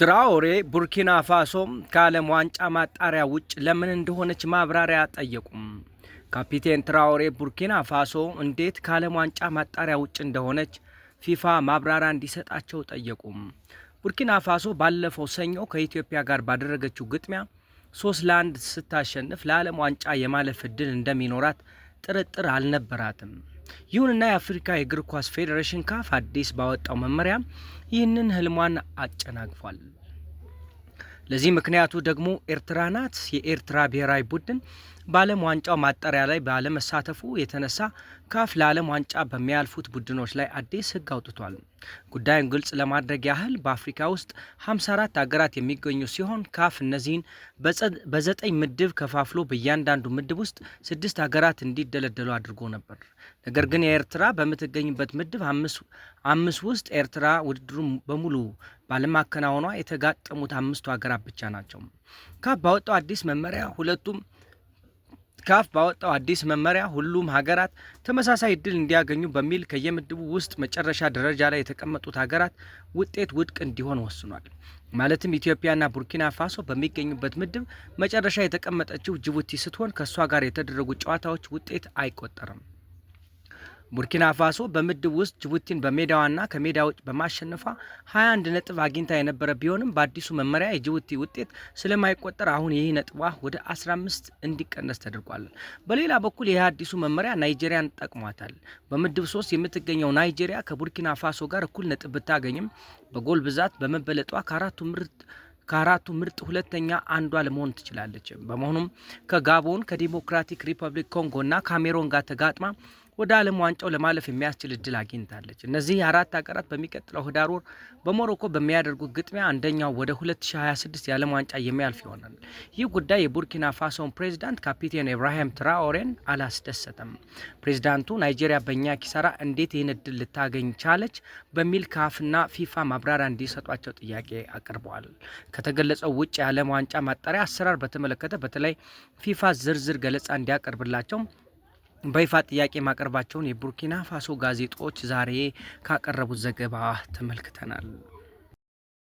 ትራኦሬ ቡርኪና ፋሶ ከዓለም ዋንጫ ማጣሪያ ውጭ ለምን እንደሆነች ማብራሪያ ጠየቁም። ካፒቴን ትራኦሬ ቡርኪና ፋሶ እንዴት ከዓለም ዋንጫ ማጣሪያ ውጭ እንደሆነች ፊፋ ማብራሪያ እንዲሰጣቸው ጠየቁም። ቡርኪና ፋሶ ባለፈው ሰኞ ከኢትዮጵያ ጋር ባደረገችው ግጥሚያ ሶስት ለአንድ ስታሸንፍ ለዓለም ዋንጫ የማለፍ እድል እንደሚኖራት ጥርጥር አልነበራትም። ይሁንና የአፍሪካ የእግር ኳስ ፌዴሬሽን ካፍ አዲስ ባወጣው መመሪያ ይህንን ህልሟን አጨናግፏል። ለዚህ ምክንያቱ ደግሞ ኤርትራ ናት። የኤርትራ ብሔራዊ ቡድን በዓለም ዋንጫው ማጣሪያ ላይ ባለመሳተፉ የተነሳ ካፍ ለዓለም ዋንጫ በሚያልፉት ቡድኖች ላይ አዲስ ሕግ አውጥቷል። ጉዳዩን ግልጽ ለማድረግ ያህል በአፍሪካ ውስጥ 54 ሀገራት የሚገኙ ሲሆን ካፍ እነዚህን በዘጠኝ ምድብ ከፋፍሎ በእያንዳንዱ ምድብ ውስጥ ስድስት ሀገራት እንዲደለደሉ አድርጎ ነበር። ነገር ግን የኤርትራ በምትገኝበት ምድብ አምስት ውስጥ ኤርትራ ውድድሩን በሙሉ ባለማከናወኗ የተጋጠሙት አምስቱ ሀገራት ብቻ ናቸው። ካፍ ባወጣው አዲስ መመሪያ ሁለቱም ካፍ ባወጣው አዲስ መመሪያ ሁሉም ሀገራት ተመሳሳይ እድል እንዲያገኙ በሚል ከየምድቡ ውስጥ መጨረሻ ደረጃ ላይ የተቀመጡት ሀገራት ውጤት ውድቅ እንዲሆን ወስኗል። ማለትም ኢትዮጵያና ቡርኪና ፋሶ በሚገኙበት ምድብ መጨረሻ የተቀመጠችው ጅቡቲ ስትሆን ከእሷ ጋር የተደረጉ ጨዋታዎች ውጤት አይቆጠርም። ቡርኪና ፋሶ በምድብ ውስጥ ጅቡቲን በሜዳዋና ከሜዳ ውጭ በማሸነፏ 21 ነጥብ አግኝታ የነበረ ቢሆንም በአዲሱ መመሪያ የጅቡቲ ውጤት ስለማይቆጠር አሁን ይህ ነጥቧ ወደ 15 እንዲቀነስ ተደርጓል። በሌላ በኩል ይህ አዲሱ መመሪያ ናይጄሪያን ጠቅሟታል። በምድብ ሶስት የምትገኘው ናይጄሪያ ከቡርኪና ፋሶ ጋር እኩል ነጥብ ብታገኝም በጎል ብዛት በመበለጧ ከአራቱ ምርጥ ከአራቱ ምርጥ ሁለተኛ አንዷ ለመሆን ትችላለች። በመሆኑም ከጋቦን ከዲሞክራቲክ ሪፐብሊክ ኮንጎ እና ካሜሮን ጋር ተጋጥማ ወደ ዓለም ዋንጫው ለማለፍ የሚያስችል እድል አግኝታለች። እነዚህ አራት ሀገራት በሚቀጥለው ህዳር ወር በሞሮኮ በሚያደርጉት ግጥሚያ አንደኛው ወደ 2026 የዓለም ዋንጫ የሚያልፍ ይሆናል። ይህ ጉዳይ የቡርኪና ፋሶን ፕሬዚዳንት ካፒቴን ኢብራሂም ትራኦሬን አላስደሰተም። ፕሬዚዳንቱ ናይጄሪያ በእኛ ኪሳራ እንዴት ይህን እድል ልታገኝ ቻለች በሚል ካፍና ፊፋ ማብራሪያ እንዲሰጧቸው ጥያቄ አቅርበዋል። ከተገለጸው ውጭ የዓለም ዋንጫ ማጣሪያ አሰራር በተመለከተ በተለይ ፊፋ ዝርዝር ገለጻ እንዲያቀርብላቸው በይፋ ጥያቄ ማቅረባቸውን የቡርኪና ፋሶ ጋዜጦች ዛሬ ካቀረቡት ዘገባ ተመልክተናል።